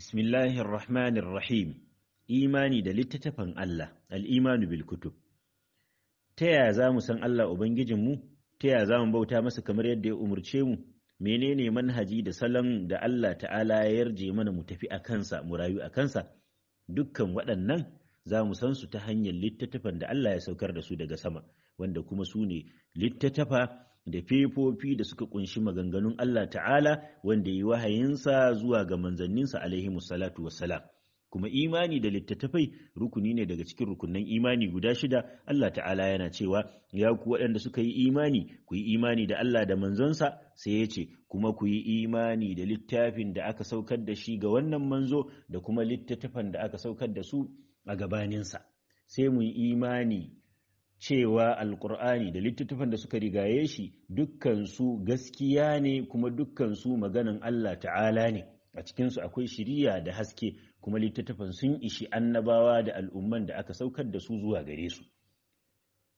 Bismillahir Rahmanir Rahim imani da littattafan Allah al-imanu bil kutub ta yaya za mu san Allah ubangijinmu ta yaya za mu bauta masa kamar yadda ya umurce mu menene manhaji da salon da Allah ta'ala ya yarje mana mu tafi a kansa mu rayu a kansa dukkan waɗannan za mu san su ta hanyar littattafan da Allah ya saukar da su daga sama wanda kuma su ne littattafa da fefofi da suka kunshi maganganun Allah ta'ala wanda yi wahayinsa zuwa ga manzanninsa alaihi salatu wassalam kuma imani da littattafai rukuni ne daga cikin rukunan imani guda shida Allah ta'ala yana cewa ya ku waɗanda suka yi imani ku yi imani da Allah da manzonsa sai ya ce kuma ku yi imani da littafin da aka saukar da shi ga wannan manzo da kuma littattafan da aka saukar da su a gabaninsa sai mu yi imani cewa alkur'ani da littattafan da suka rigaye shi dukkansu gaskiya ne kuma dukkansu maganan Allah ta'ala ne a cikinsu akwai shiriya da haske kuma littattafan sun ishi annabawa da al'umman da aka saukar da su zuwa gare su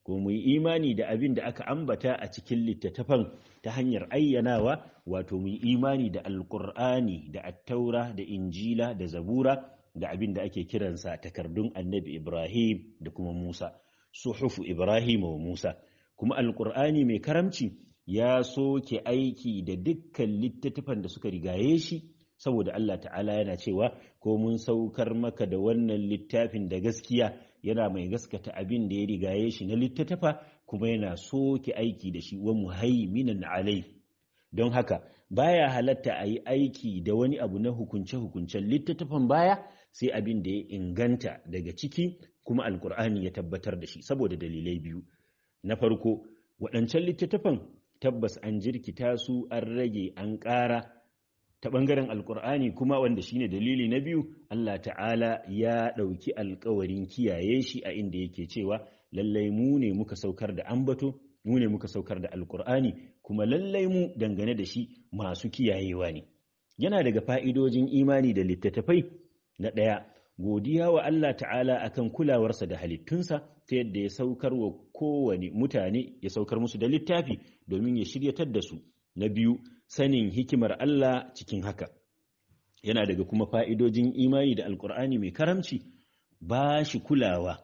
ko mu imani da abin da aka ambata a cikin littattafan ta hanyar ayyanawa wato mu imani da alkur'ani da attaura da injila da zabura da abin da ake kiransa takardun annabi ibrahim da kuma musa suhufu Ibrahim wa Musa kuma Alƙur'ani mai karamci ya soke aiki da dukkan littattafan da suka rigaye shi saboda Allah ta'ala yana cewa ko mun saukar maka da wannan littafin da gaskiya yana mai gaskata abin da ya rigaye shi na littattafa kuma yana soke aiki da shi wa muhaiminan alai don haka baya halatta a yi aiki da wani abu na hukunce-hukuncen littattafan baya sai abin da ya inganta daga ciki kuma alkur'ani ya tabbatar da shi saboda dalilai biyu na farko waɗancan littattafan tabbas an jirkita su an rage an ƙara ta ɓangaren alkur'ani kuma wanda shine dalili na biyu Allah ta'ala ya ɗauki alkawarin kiyaye shi a inda yake cewa lallai mu ne muka saukar da ambato mu ne muka saukar da alkur'ani kuma lallai mu dangane da shi masu kiyayewa ne yana daga fa'idojin imani da littattafai na ɗaya godiya wa Allah ta'ala akan kulawarsa da halittunsa ta yadda ya saukar wa kowane mutane ya saukar musu da littafi domin ya shiryatar da su na biyu sanin hikimar Allah cikin haka yana daga kuma fa'idojin imani da alkur'ani mai karamci ba shi kulawa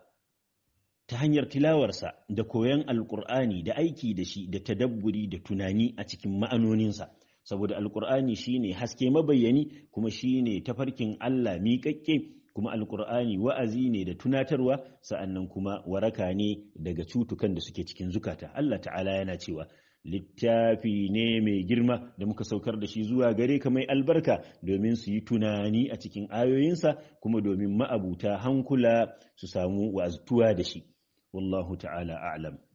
ta hanyar tilawarsa da koyon alkur'ani da aiki da shi da tadabburi da tunani a cikin ma'anoninsa saboda alkur'ani shine haske mabayyani kuma shine tafarkin Allah miƙaƙƙe kuma alkur'ani wa'azi ne da tunatarwa sa'annan kuma waraka ne daga cutukan da suke cikin zukata Allah ta'ala yana cewa littafi ne mai girma da muka saukar da shi zuwa gare ka mai albarka domin su yi tunani a cikin ayoyinsa kuma domin ma'abuta hankula su samu wa'aztuwa da shi wallahu ta'ala a'lam